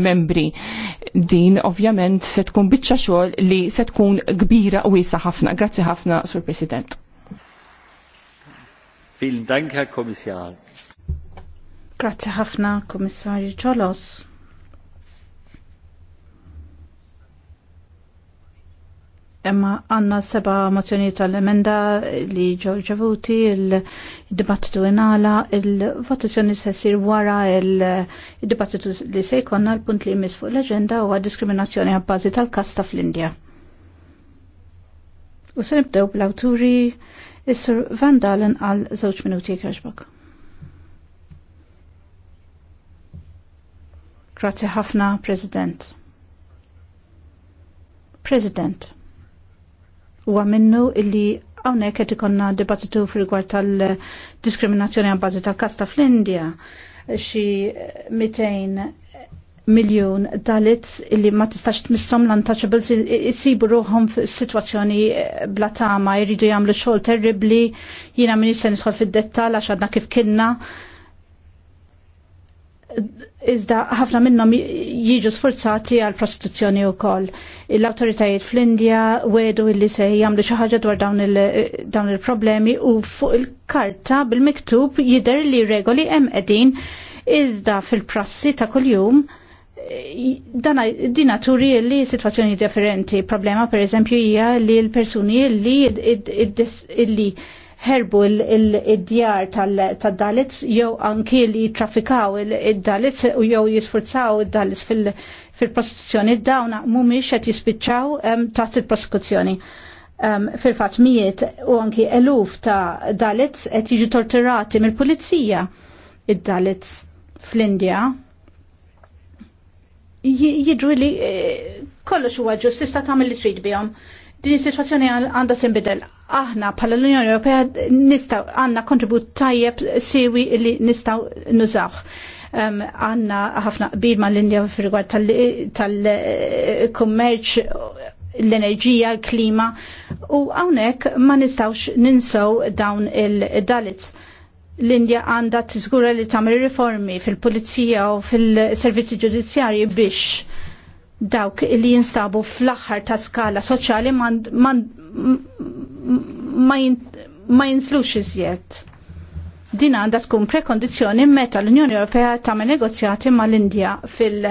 membri. Din ovvjament se tkun biċċa xogħol li se tkun kbira u wiesa ħafna. Grazzi ħafna, Sur President. Vielen Dank, Herr Kommissar. Grazzi ħafna, Kommissarju Ċolos. Imma għanna seba mozzjoni tal-emenda li ġew ġevuti, il-dibattitu inala, il-votazzjoni se sir wara il-dibattitu li se jkonna l-punt li jmiss fuq l-agenda huwa diskriminazzjoni għabbażi tal-kasta fl-Indja. U se nibdew bl-awturi is-Sur Van Dalen għal żewġ minuti jkerġbok. Grazie ħafna, President. President u għamennu illi għawnek għet ikonna debattitu fil-gwar tal-diskriminazzjoni bazi tal-kasta fl-Indija xi 200 miljon dalits illi ma tistax tmissom l-untouchables isibu ruħom situazzjoni bla tama jridu jagħmlu xogħol terribli jiena min se fil fid-dettall għax għadna kif kienna Iżda ħafna minnhom jiġu sforzati għal prostituzzjoni wkoll. L-awtoritajiet fl-Indja wedu illi se jagħmlu xi ħaġa dwar dawn il-problemi il u fuq il-karta bil-miktub jidher li regoli hemm qegħdin iżda fil-prassi ta' kuljum dana naturi li situazzjoni differenti. Problema per eżempju hija li l-persuni li illi ħerbu l djar tal dalits jew anki li trafikaw il dalits u jew jisfurzaw il-dalit fil-prostituzzjoni dawna mumiex qed jispiċċaw taħt il prostituzzjoni Fil-fatt mijiet u anki eluf ta' dalits qed jiġu torturati mill-pulizija id dalits fl-Indja jidru li eh, kollox huwa ġust tista' tagħmel li trid bihom. Din is-sitwazzjoni għandha tinbidel aħna bħala l-Unjoni Ewropea nistaw għandna kontribut tajjeb siwi li nistaw nużawh għanna ħafna qbil ma l-Indja f'rigward tal-kummerċ, l-enerġija, l-klima u għawnek ma nistawx ninsow dawn il-dalits. L-Indja għanda tiżgura li tagħmel riformi fil-pulizija u fil-servizzi ġudizzjarji biex dawk li jinstabu fl-aħħar ta' skala soċjali ma jinslux iżjed. Din għandha tkun prekondizzjoni meta l-Unjoni Ewropea tagħmel negozjati mal-Indja fil-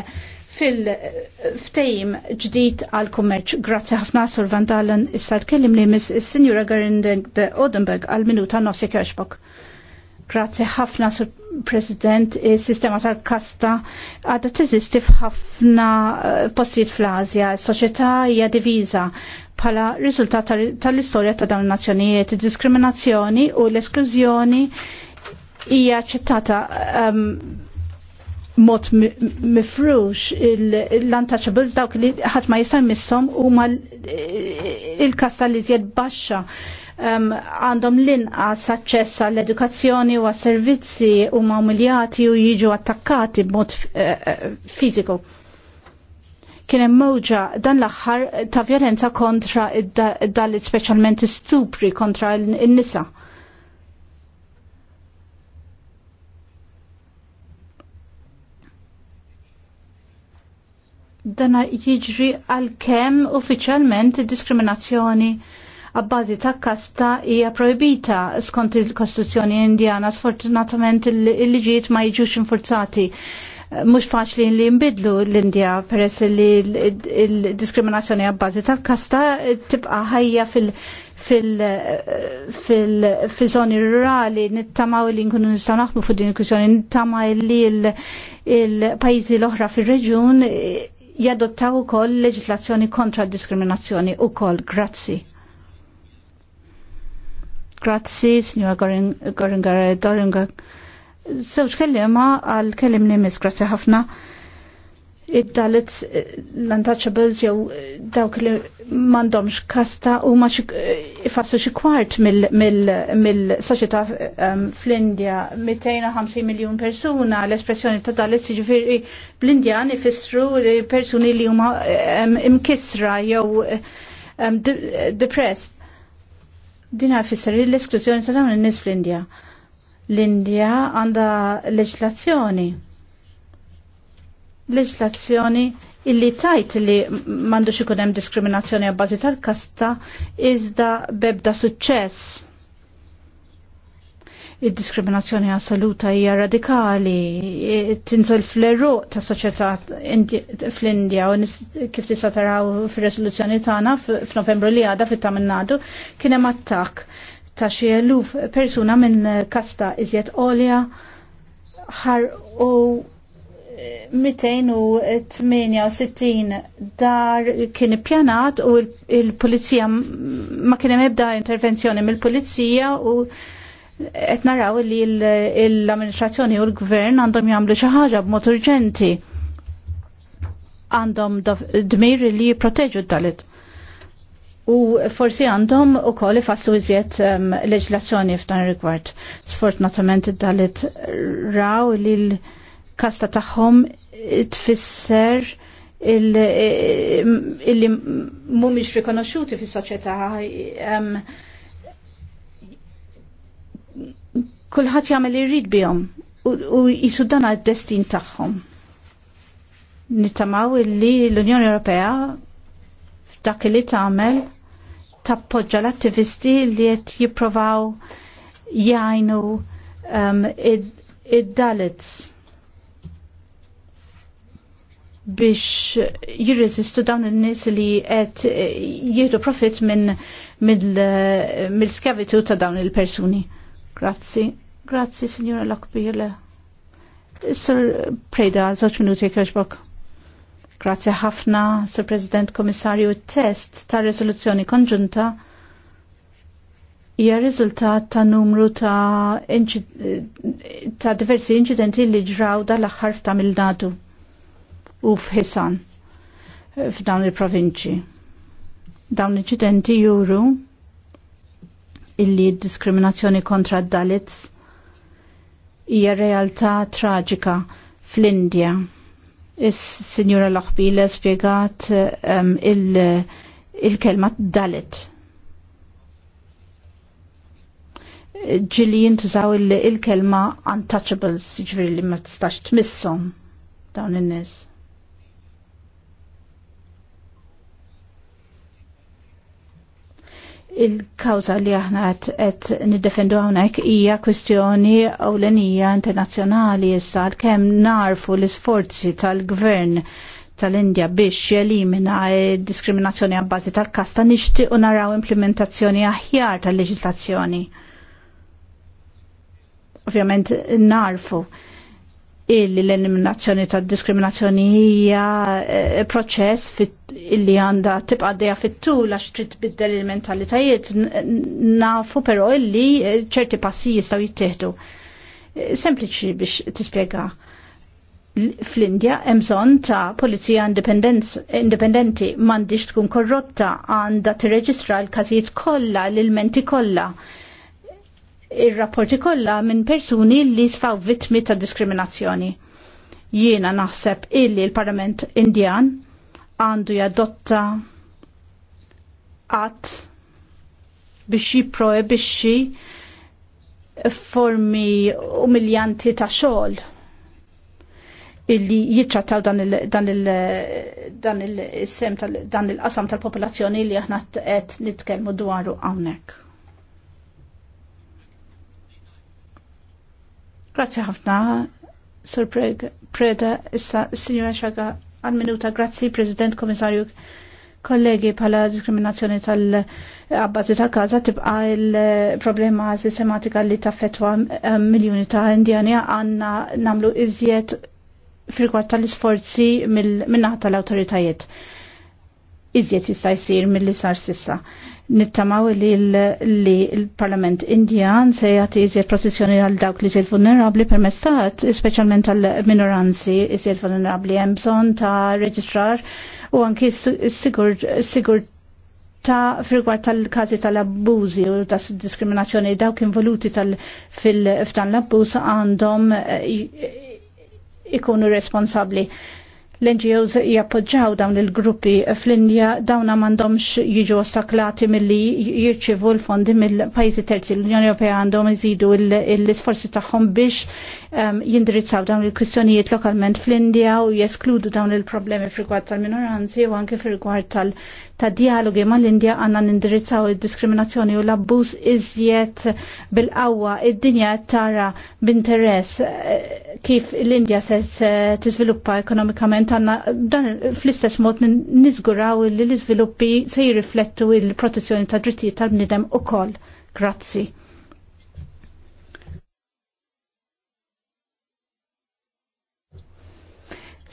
fil-ftejim ġdid għal kummerċ. Grazzi ħafna Sur Van issa tkellim li miss is-Sinjura Garindeng de Odenberg għal minuta nofsi kjerxbok. Grazzi ħafna Sur President, is sistema tal-kasta għadha teżisti f'ħafna eh, postijiet fl-Azja, s-soċjetà hija diviża bħala riżultat tal-istorja ta' dawn nazzjonijiet, diskriminazzjoni u l-esklużjoni hija ċettata um, mod mifrux l-untouchables dawk li ħadd ma jista' missom huma il-kasta li żjed baxxa um, għandhom l-inqas aċċess għall edukazzjoni u għas servizzi huma umiljati u jiġu attakkati b'mod uh, eh, eh, fiżiku. Kien hemm mowġa dan l-aħħar ta' violenza kontra id-dalit speċjalment stupri kontra n-nisa. dana jiġri għal kem uffiċjalment diskriminazzjoni għabbażi ta' kasta hija proibita skont il-Kostituzzjoni Indjana. Sfortunatament il-liġijiet ma jiġux infurzati mhux faċli li nbidlu l-Indja peress li l-diskriminazzjoni għabbazi tal-kasta tibqa' ħajja fil- fil-żoni rurali nittamaw li nkunu nistgħu naħmu fuq din il-kwistjoni nittama li l-pajjiżi l-oħra fir-reġjun jadottaw ukoll leġislazzjoni kontra d diskriminazzjoni ukoll. Grazzi. Grazzi, signora Goringa, Goringa, Sewġ kellima għal kellimni miskrasja ħafna id dalit eh, l-untouchables jew eh, dawk li mandomx kasta u ma eh, ifassu xi kwart mill-soċjetà fl-Indja 250 miljun persuna l-espressjoni ta' dalit jiġifieri bl-Indjan ifissru persuni li huma imkisra jew depressed. Din fisser l-esklużjoni ta' dawn in-nies fl-Indja. L-Indja għandha leġlazzjoni. Leġlazzjoni illi tajt li m'għandux ikun hemm diskriminazzjoni għabbażi tal-kasta iżda bebda suċċess. Id-diskriminazzjoni assoluta hija radikali, tinżol fl erru ta' soċjetà fl-Indja u kif tista' taraw fir-resoluzzjoni tagħna f'Novembru li għadha fit-Tamil Nadu kien hemm attakk ta' xi eluf persuna minn kasta iżjed olja ħar u 268 dar kien ippjanat u il-pulizija ma kien hemm ebda intervenzjoni mill-pulizija u qed naraw li l-amministrazzjoni u l-gvern għandhom jagħmlu xi ħaġa b'mod urġenti għandhom dmir li jipproteġu d-dalit u forsi għandhom u koll ifaslu iżjed um, leġlazzjoni f'dan rigward. Sfortunatament id-dalit raw li l-kasta tagħhom tfisser illi mhumiex rikonoxxuti fis-soċjetà um, kulħadd jagħmel irrid bihom u jisu dan għad-destin tagħhom. Nittamaw illi l-Unjoni Ewropea dak li tagħmel tappoġġa l-attivisti li qed jipprovaw jgħinu um, id-dalits biex jirreżistu dawn in-nies li qed eh, jieħdu profit minn mill-skavitu ta' dawn il-persuni. Grazzi. Grazzi, Signora Lakbile. Sir Preda, żewġ minuti kħeġbok. Grazie ħafna, Sir President Komissarju, test ta' rezoluzzjoni konġunta hija riżultat ta' numru ta', ta diversi inċidenti li ġraw dal-aħħar ta' Mildadu u f'Hisan f'dawn il-provinċi. Dawn l-inċidenti juru illi diskriminazzjoni kontra d-Dalits hija realtà traġika fl-Indja Is-Sinjura Loħbila spiegat ehm, il-kelma dalet. Ġili jintużaw il-kelma untouchables, ġviri li ma tistax tmissom dawn in-nies. il-kawza li aħna qed niddefendu hawnhekk hija kwistjoni ewlenija internazzjonali issa kemm narfu l-isforzi tal-gvern tal-Indja biex jelimina diskriminazzjoni għabbazi tal-kasta nixtiequ naraw implementazzjoni aħjar tal leġitazzjoni Ovvjament narfu illi l-eliminazzjoni ta' diskriminazzjoni hija eh, proċess illi għanda tibqa' dejja fit-tul għax trid tbiddel il-mentalitajiet nafu però illi eh, ċerti passi jistgħu jittieħdu. Eh, sempliċi biex tispjega fl-Indja hemm bżonn ta' pulizija indipendenti m'għandix tkun korrotta għandha tirreġistra l-każijiet kollha l-ilmenti kollha ir-rapporti kollha minn persuni li sfaw vittmi ta' diskriminazzjoni. Jiena naħseb illi l-Parlament Indian Indjan għandu jadotta għat biex jiproebixxi formi umiljanti ta' xogħol illi jitrattaw dan il-qasam dan il qasam tal-popolazzjoni li aħna qed nitkellmu dwaru hawnhekk. Grazzi ħafna, Sir Preda, issa Signora Xaga, għal-minuta, grazie, President Komissarju, kollegi pala diskriminazzjoni tal- abbazi ta' kaza tibqa il-problema sistematika li fetwa eh, miljoni ta' indjani għanna namlu iżjed fil-kwart tal-isforzi minna tal-autoritajiet. Iżjed jista' jsir mill-li sar sissa nittamaw li l-Parlament Indian se jagħti iżjed protezzjoni għal dawk li iżjed vulnerabbli per mestat, speċjalment għal minoranzi iżjed vulnerabbli hemm bżonn ta' reġistrar u anki sigur ta' firgwar tal-kazi tal-abbużi u ta' diskriminazzjoni dawk involuti fil-ftan l-abbuż għandhom eh, ikunu responsabli L-NGOs jappoġġaw dawn il-gruppi fl-Indja dawna mandomx jiġu ostaklati mill-li jirċivu l-fondi mill-pajzi terzi. L-Unjoni Ewropea għandhom iżidu l-isforzi tagħhom biex ehm, jindirizzaw dawn il-kwistjonijiet lokalment fl-Indja u jeskludu dawn il-problemi fil-rigward tal-minoranzi u anke fil-rigward tal- ta' dialogi ma' l-Indja għanna nindirizzaw il-diskriminazzjoni u l-abbus iżjed bil-qawwa id-dinja tara b'interess eh, kif l-Indja se tiżviluppa ekonomikament tanna dan fl-istess mod nizguraw li l-izviluppi se jirriflettu il-protezzjoni ta' drittijiet tal-bnidem u koll. Grazzi.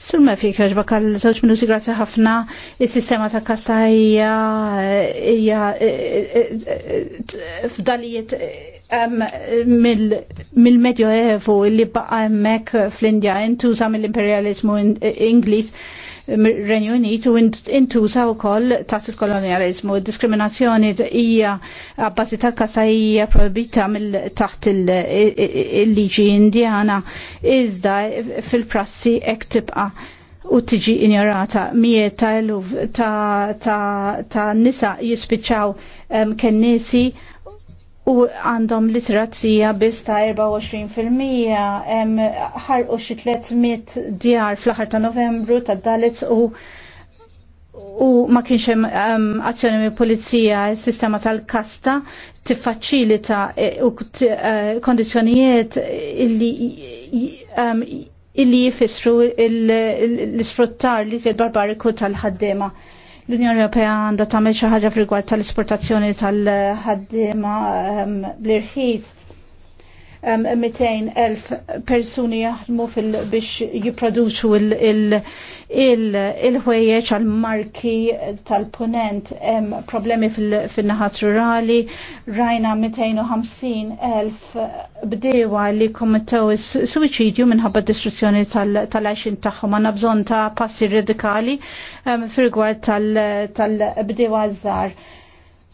Summa fi kħarġ bakal kall minuti grazzi ħafna il sistema ta' kasta hija hija eh, eh, eh, f'dalijiet mill-medjoevu li baqa hemmhekk fl-Indja intuża mill-imperializmu Ingliż Renju Unit u intuża wkoll taħt il-kolonializmu. Diskriminazzjoni hija abbażi tal-kasa hija probita mill-taħt il-liġi Indjana iżda fil-prassi hekk tibqa' u tiġi ignorata miet ta' eluf ta', ta, nisa jispiċċaw um, kennesi u għandhom literazzija biss ta' 24% hemm ħarqu xi 300 djar fl-aħħar ta' Novembru ta' Dalits u u ma kienx hemm um, azzjoni mill pulizija s-sistema tal-kasta tiffaċilita u uh, kondizzjonijiet illi um, illi jifissru l-isfruttar li, li, barbariku tal-ħaddiema. L-Unjoni Ewropea għandha tagħmel xi ħaġa f'rigward tal isportazzjoni tal-ħaddiema ehm, bl-irħis. Ehm, elf persuni jaħdmu biex jipproduċu il- il-ħwejjeġ għal marki tal-punent problemi fil-naħat rurali rajna 250.000 elf bdewa li kommentew is-suicidju minħabba distruzzjoni tal tal tagħhom għandna bżonn ta' passi radikali fil-gwar tal-bdewa żgħar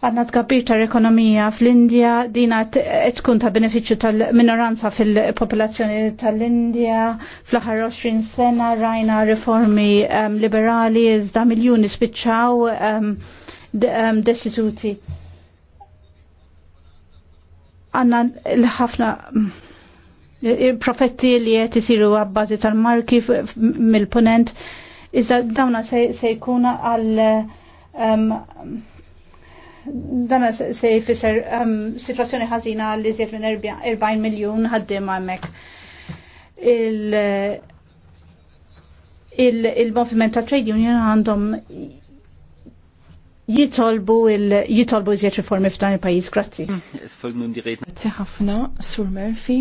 għanna tkabbir tal-ekonomija fl-Indja, dina tkun ta' beneficju tal-minoranza fil-popolazzjoni tal-Indja, fl-ħar 20 sena rajna reformi um, liberali, iżda miljoni spiċċaw um, um, destituti. Għanna l-ħafna profetti li qed isiru għabbażi tal-marki mill-ponent, iżda dawna se jkuna għal um, dana se jifisser um, situazzjoni ħazina li żied minn 40 miljon ħaddim għamek. Il, il, il moviment ta' trade union għandhom jitolbu il jitolbu iżjed riformi f'dan il pajis Grazzi. Mm, Grazzi ħafna, Sur Murphy.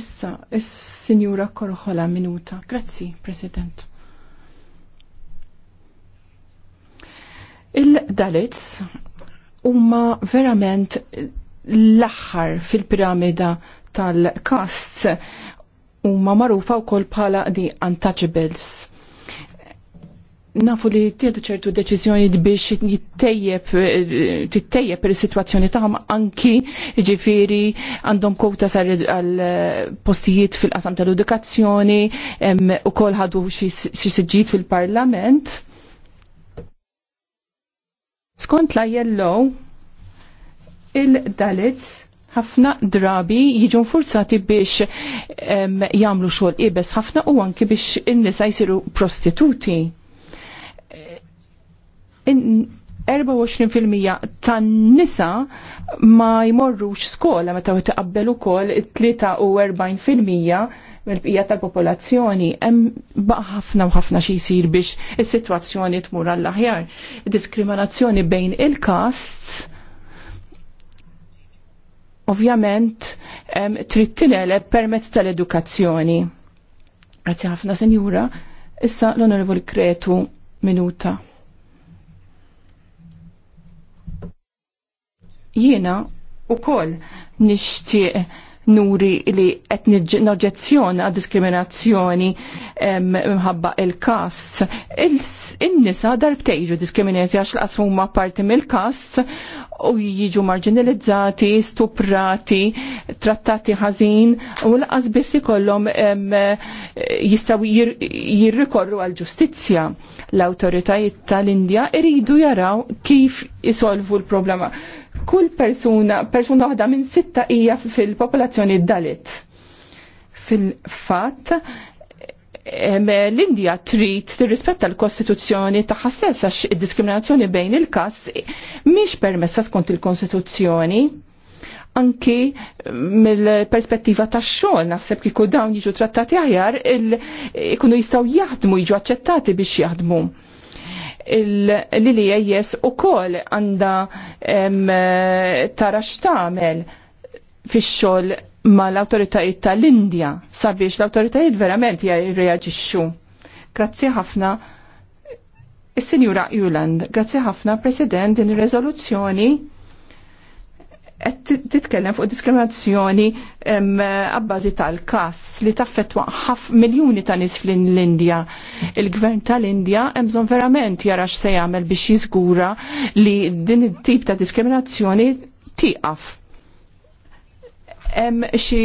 Issa, is-Sinjura Korħola minuta. Grazzi, President. Il-Dalits huma verament l-aħħar fil-piramida tal-kasts huma magħrufa wkoll bħala di untouchables. Nafu li tiedu ċertu deċiżjoni biex tittejjeb per situazzjoni taħam anki ġifiri għandhom kota sar għal postijiet fil-qasam tal-edukazzjoni, ukoll ħadu xi siġġijiet fil-parlament Skont la jellow, il-Dalits ħafna drabi jiġu forzati biex um, jagħmlu xogħol ibes ħafna u anki biex in-nisa jsiru prostituti. In 24% tan-nisa ma jmorrux skola meta taqabbel kol 43% mill-bqija tal-popolazzjoni, hemm ħafna u ħafna xi jsir biex is-sitwazzjoni tmur għall aħjar Diskriminazzjoni bejn il kast ovvjament trid tineleb permezz tal-edukazzjoni. Grazzi ħafna, Senjura. Issa l-Onorevoli Kretu minuta. Jiena u koll nishtiq nuri li qed għad diskriminazzjoni mħabba il-kast. In-nisa darbtejġu diskriminati għax laqas huma parti mill-kast u jiġu marginalizzati, stuprati, trattati ħażin u l biss ikollhom jistgħu jirrikorru għal ġustizzja. L-awtoritajiet tal-Indja iridu jaraw kif isolvu l-problema Kull persuna, persuna waħda minn sitta hija fil-popolazzjoni dalit. Fil-fatt, l-Indija trid tirrispetta l-Kostituzzjoni tagħha stessa x id-diskriminazzjoni bejn il-każ mhix permessa skont il-Kostituzzjoni anki mill-perspettiva tax xogħol naħseb kieku dawn jiġu trattati aħjar ikunu jistgħu jaħdmu jiġu aċċettati biex jaħdmu il-lili jes u kol għanda tara xtamel fi xol ma l-autoritajiet tal-Indja sabiex l-autoritajiet verament jirreagġixxu. Grazzi ħafna. Is-Sinjura Juland, grazzi ħafna President din ir-reżoluzzjoni qed titkellem fuq diskriminazzjoni għabbażi tal-kas li taffetwa ħaf miljuni ta' nies fl-Indja. Il-gvern tal-Indja hemm bżonn verament jara x'se jagħmel biex jiżgura li din it-tip ta' diskriminazzjoni tieqaf. Hemm xi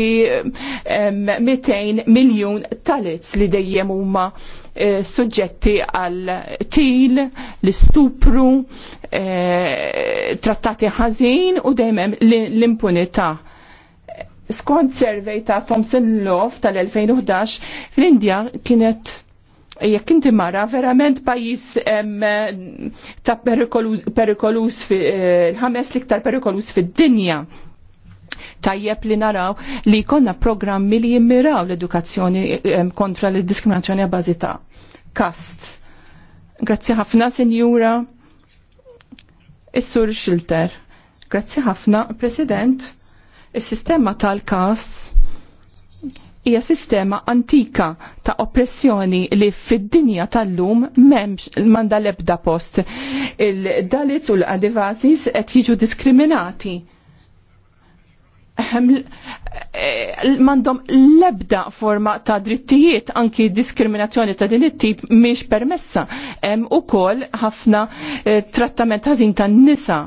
200 miljun talitz li dejjem huma Eh, suġġetti għal til, l-istupru, eh, trattati ħażin u dejjem l-impunità. Skont survey ta' Thomson Love tal-2011 fl-Indja kienet jekk inti mara verament pajis ta' perikolus, perikolus fi, eh, l-ħames liktar perikolus fid-dinja tajjeb li naraw li jkollna programmi li jimmiraw l-edukazzjoni kontra l-diskriminazzjoni għabazita. kast. Grazzi ħafna, Sinjura. Is-Sur Xilter. Grazzi ħafna, President. Is-sistema tal kast hija sistema antika ta' oppressjoni li fid-dinja tal-lum memx manda lebda post. Il-Dalits u l-Adivasis qed jiġu diskriminati Ehm, eh, mandom lebda forma ta' drittijiet anki diskriminazzjoni ta' din it-tip miex permessa. Hemm ukoll ħafna eh, trattament ħażin tan-nisa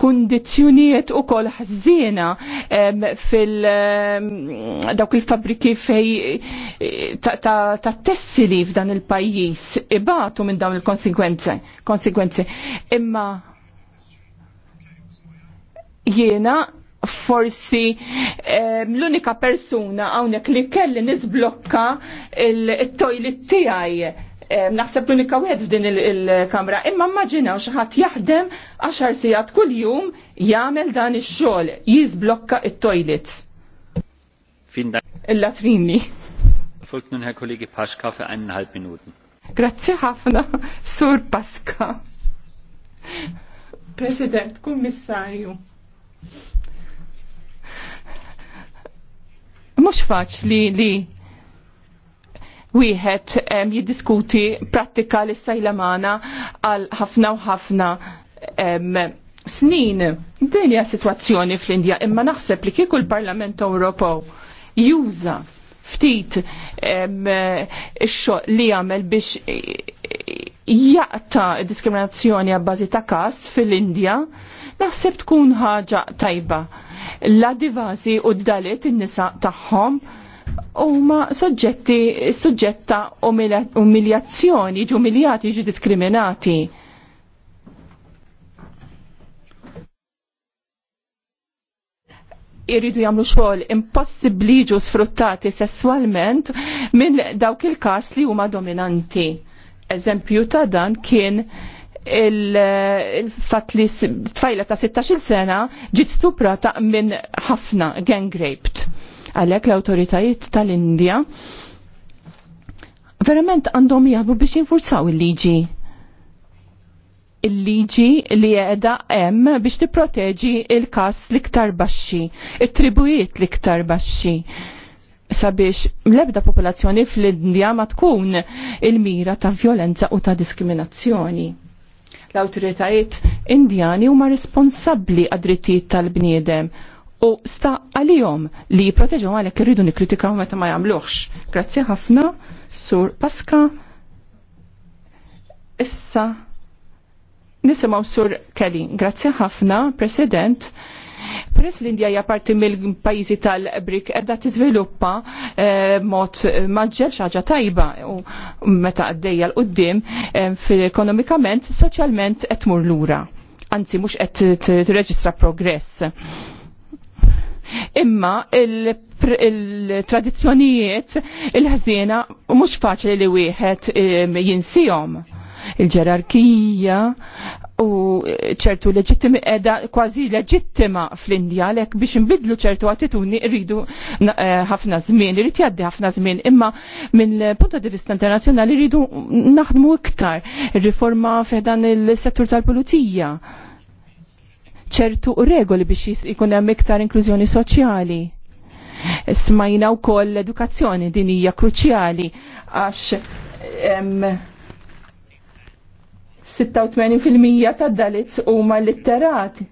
kundizzjonijiet u kol ħazzina ehm, fil ehm, dawk il-fabriki fej eh, ta', tessili f'dan il-pajjiż ibatu minn dawn il-konsekwenzi. Konsekwenzi. Imma jiena forsi um, l-unika persuna hawnhekk li kelli nisblokka il-toilet tiegħi. Um, Naħseb l-unika wieħed f'din il-kamra, imma immaġinaw xi ħadd jaħdem 10 kull kuljum jagħmel dan ix-xogħol, jiżblokka it-toilet. Il-latrini. Folgt nun Herr kollegi Paschka für eineinhalb Minuten. Grazzi ħafna, Sur Paschka. President, Kummissarju. mhux faċli li wieħed jiddiskuti prattika li sajla magħna għal ħafna u ħafna snin. Din hija sitwazzjoni fl-Indja imma naħseb li kieku l-Parlament Ewropew juża ftit ix-xogħol li jagħmel biex jaqta diskriminazzjoni għabbażi ta' każ fil-Indja, naħseb tkun ħaġa tajba la divasi u d-dalit in-nisa tagħhom huma soġġetti suġġetta umiljazzjoni, ġu umiljati, ġu diskriminati. Iridu jagħmlu xogħol impossibbli ġu sfruttati sesswalment minn dawk il-każ li huma dominanti. Eżempju ta' dan kien il-fat li tfajla ta' 16 sena ġiet ta' minn ħafna gang raped. Għalhekk l-awtoritajiet tal-Indja verament għandhom jaħbu biex jinfurzaw il-liġi il-liġi li qiegħda hemm biex tipproteġi il-każ l-iktar baxxi, it-tribujiet l-iktar baxxi sabiex l-ebda popolazzjoni fl-Indja ma tkun il-mira ta' violenza u ta' diskriminazzjoni. L-autoritajiet indjani huma responsabbli għad-drittijiet tal-bniedem u sta għalihom li jipproteġu għalhekk irridu nikkritikaw meta ma jagħmluhx. Grazzi ħafna, Sur Paska. Issa nisimgħu Sur Kelly. Grazzi ħafna, President. Peress l-Indja hija parti mill-pajjiżi tal-Brik t tiżviluppa eh, mod maġġel xaġa tajba u meta għaddejja l qudiem eh, ekonomikament, soċjalment qed tmur lura. Anzi mhux qed tirreġistra progress. Imma il-tradizzjonijiet il-ħżiena mhux faċli li wieħed eh, jinsihom il-ġerarkija u ċertu leġittimi edha kważi leġittima fl-Indja lek biex nbidlu ċertu għatituni rridu eh, ħafna żmien, irrid jgħaddi ħafna żmien, imma minn punta di vista internazzjonali rridu naħdmu iktar riforma f'dan il-settur tal-pulizija ċertu regoli biex ikun hemm iktar inklużjoni soċjali. Smajna wkoll l-edukazzjoni din hija kruċjali għax 86% tad dalits huma litterati.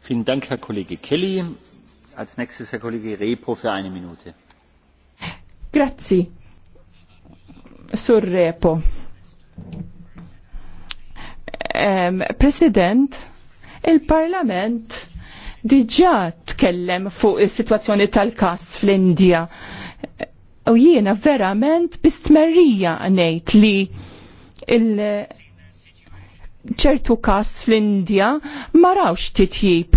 Fin Dank, Herr Kollege Kelly. Als nächstes Herr Kollege Repo für eine Minute. Grazzi. Sur Repo. Um, President, il-Parlament diġa tkellem fuq il-situazzjoni tal-kas fl indija u jiena verament bistmerrija ngħid li il ċertu kas fl-Indja ma rawx titjib.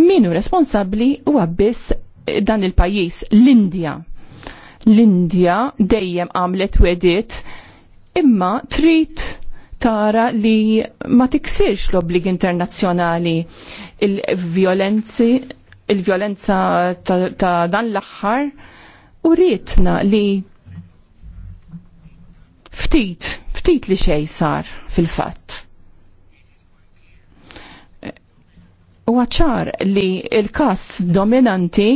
Minu responsabli huwa biss dan il-pajjiż l-Indja. L-Indja dejjem għamlet wedit imma trid tara li ma tiksirx l-obbligi internazzjonali il-violenzi il-violenza ta, ta' dan l-aħħar u rietna li ftit, ftit li xej sar fil-fatt. U għacċar li il-kas dominanti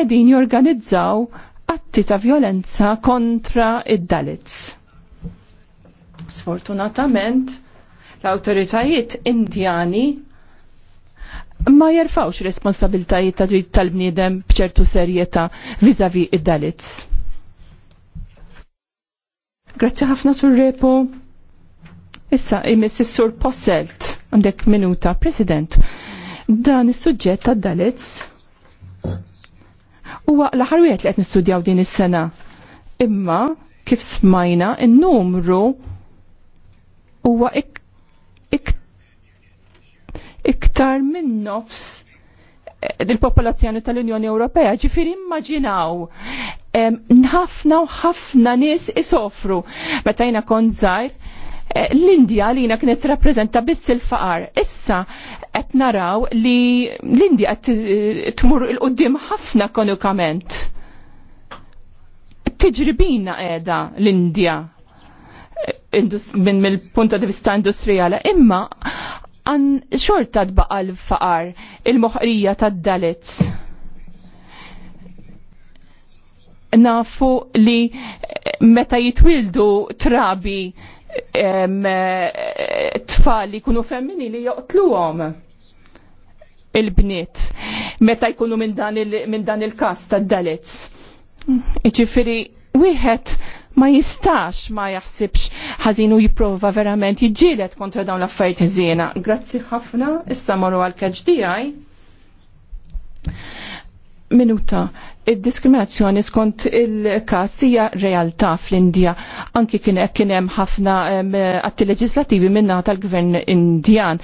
edin jorganizzaw atti ta' violenza kontra id-Dalits. Sfortunatament, l-autoritajiet indjani ma jerfawx responsabiltajiet ta' dritt tal-bniedem bċertu serjeta vizavi id-dalitz. Grazzi ħafna sur repo. Issa, imis sur posselt għandek minuta, President. Dan is-suġġett ta' dalitz huwa l-aħħar wieħed li qed nistudjaw din is-sena. Imma kif smajna il numru huwa iktar minn nofs eh, il-popolazzjoni tal-Unjoni Ewropea. Ġifiri immaġinaw ħafna u ħafna nies isofru. Meta jina kon żgħir, eh, l-Indja li jina kienet rappreżenta biss il-faqar. Issa qed naraw li l-Indja qed eh, tmur il-qudiem ħafna konukament. Tiġribina qiegħda l-Indja minn mill-punta di vista industrijali, imma għan xorta tbaqa l-faqar il-moħrija tad-dalits. Nafu li eh, meta jitwildu trabi eh, tfal li kunu femminili joqtluhom il-bniet meta jkunu minn dan il-kas il kas tad dalits Ġifiri, wieħed ma jistax ma jaħsibx ħażin u jipprova verament jiġġieled kontra dawn l-affarijiet ħżiena. Grazzi ħafna, issa marru għal kaġdijaj Minuta, id-diskriminazzjoni skont il-kas hija realtà fl-Indja. Anki kien kien hemm ħafna atti leġislativi minna tal-gvern Indjan,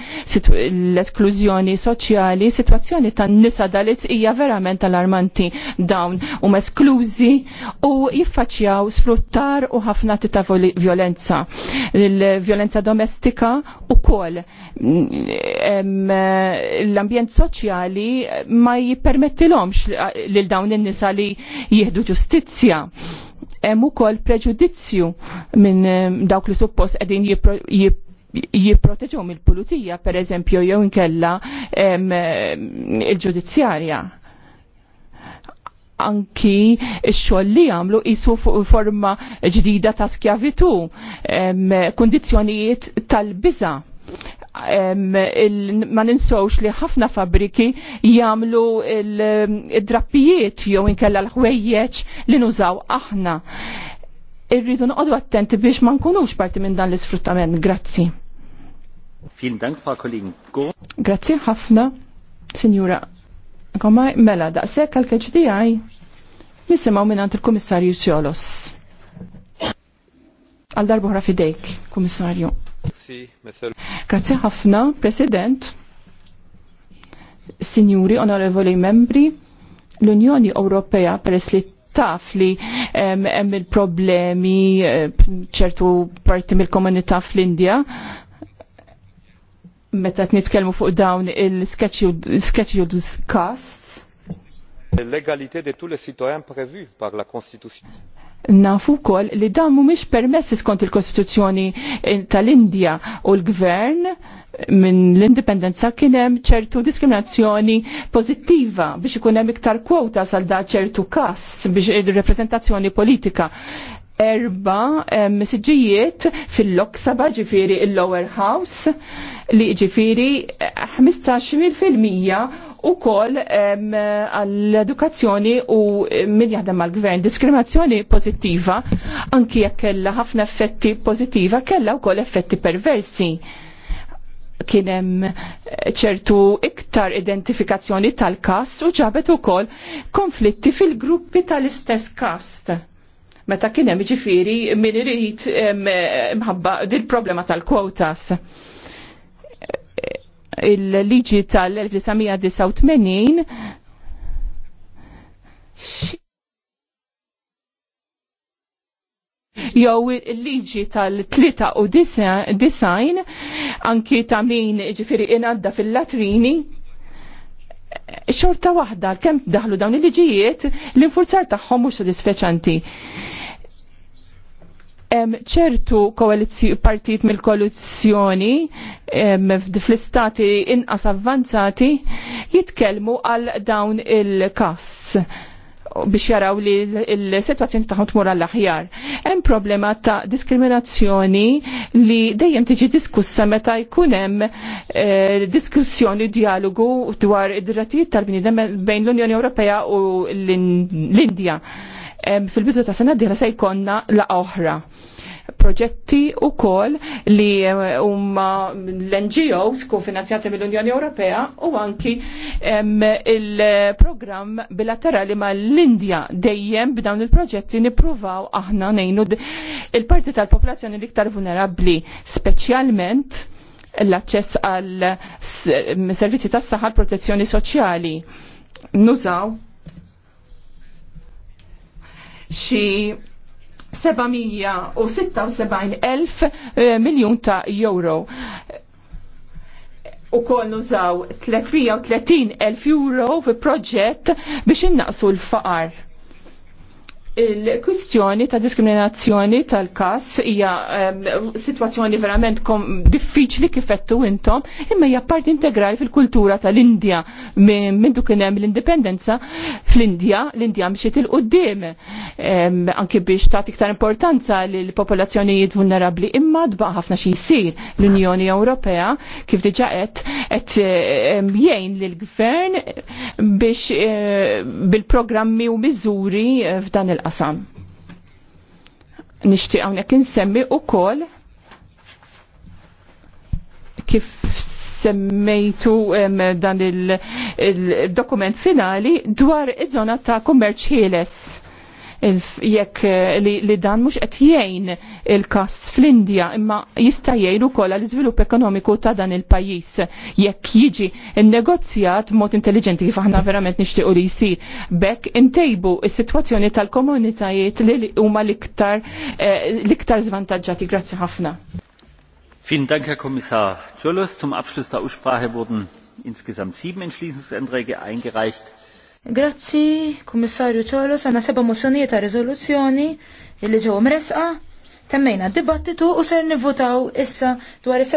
l-esklużjoni soċjali, sitwazzjoni tan-nisa dalit hija verament alarmanti dawn u esklużi u jiffaċjaw sfruttar u ħafna tita violenza. Il-violenza domestika u kol l-ambjent soċjali ma jippermettilhomx lil dawn in-nisa nisa li jieħdu ġustizzja hemm ukoll preġudizzju minn ehm, dawk li suppost qegħdin jipproteġu mill-pulizija, per eżempju, jew inkella ehm, il-ġudizzjarja. Anki x-xogħol li għamlu qisu forma ġdida ta' skjavitu, ehm, kundizzjonijiet tal-biża' ma ninsowx li ħafna fabriki jagħmlu id-drappijiet jew inkella l-ħwejjeġ li nużaw aħna. Irridu noqogħdu attenti biex ma nkunux parti minn dan l-isfruttament. Grazzi. Vielen Dank, Frau Kollegin Grazzi ħafna, Signora. Komma mela daqshekk għal KHDI nisimgħu mingħand il-Kummissarju Ciolos. Għal darbohra fidejk, Kummissarju. Grazie ħafna, President, Signori Onorevoli Membri, l-Unjoni Ewropea peress li taf li hemm il-problemi eh, ċertu parti mill-komunità fl-Indja meta nitkellmu fuq dawn il-scheduled cast. L'égalité de tous les citoyens prévus par la Constitution. Nafu kol li dan mhumiex permessi skont il-Kostituzzjoni eh, tal-Indja u l-Gvern minn l-indipendenza kien hemm ċertu diskriminazzjoni pożittiva biex ikun hemm iktar kwota sal da ċertu kass biex ir-reprezentazzjoni politika erba um, siġijiet fil-loksaba ġifiri il-lower house li ġifiri 15% eh, u kol għall-edukazzjoni u min jaħdem mal gvern Diskriminazzjoni pozittiva, anki jekk kella ħafna effetti pozittiva, kella u kol effetti perversi kienem eh, ċertu iktar identifikazzjoni tal-kast u ġabet u kol konflitti fil-gruppi tal-istess kast meta kien hemm ġifieri min irid mħabba dil-problema tal-kwotas. Il-liġi tal-1989 jew il-liġi tal-3 u anki ta' min ġifiri inadda fil-latrini xorta waħda kemm daħlu dawn il-liġijiet l-infurzar tagħhom mhux sodisfeċanti ċertu partit mill koalizjoni fl-istati inqas avvanzati jitkellmu għal dawn il-kass biex jaraw li l-situazzjoni tagħhom tmur għall aħjar Hemm problema ta' diskriminazzjoni li dejjem tiġi diskussa meta jkun hemm eh, diskussjoni dialogu dwar id-drattijiet tal-bniedem bejn l-Unjoni Ewropea u l-Indja. l indja fil-bidu ta' sena diħla se jkonna la' oħra. Proġetti u kol li umma l-NGOs kun finanzjati mill-Unjoni Ewropea u anki il-program bilaterali ma l-Indja dejjem b'dawn il-proġetti nipruvaw aħna nejnu il-parti tal-popolazzjoni liktar vulnerabli, specialment l-aċċess għal servizzi tas saħħa protezzjoni soċjali. Nużaw xi 776.000 eh, miljon ta' euro. U koll nużaw 330.000 euro fi proġett biex innaqsu l-faqar. Il-kwistjoni ta' diskriminazzjoni tal-kas hija situazzjoni verament diffiċli kifettu intom, imma hija parti integrali fil-kultura tal-Indja minn dik hemm l-indipendenza fl-Indja, l-Indja mxiet il-qudiem anke biex ta' iktar importanza lil popolazzjonijiet vulnerabbli imma dbaq ħafna xi jsir l-Unjoni Ewropea kif diġa qed qed jgħin lill-gvern biex eh, bil-programmi u miżuri eh, f'dan il il-qasam. Nixtieq hawnhekk insemmi wkoll kif semmejtu dan il-dokument il finali dwar iż-żona ta' kummerċ ħieles jekk eh, li, li dan mux qed jgħin il-kas fl-Indja imma jista' jgħin ukoll għall iżvilupp ekonomiku ta' dan il-pajjiż jekk jiġi nnegozjat mod intelligenti kif aħna verament nixtiequ li jsir. Bekk intejbu is-sitwazzjoni tal-komunitajiet li huma l-iktar eh, l-iktar żvantaġġati. Grazzi ħafna. Vielen Dank, Herr Kommissar Zollos. Zum Abschluss der Aussprache wurden insgesamt sieben Entschließungsanträge eingereicht. Grazzi, Kummissarju ċolos, sanna seba mozzjonijiet ta' rezoluzzjoni illi ġew mresqa, temmejna d-dibattitu u ser nivvotaw issa dwar is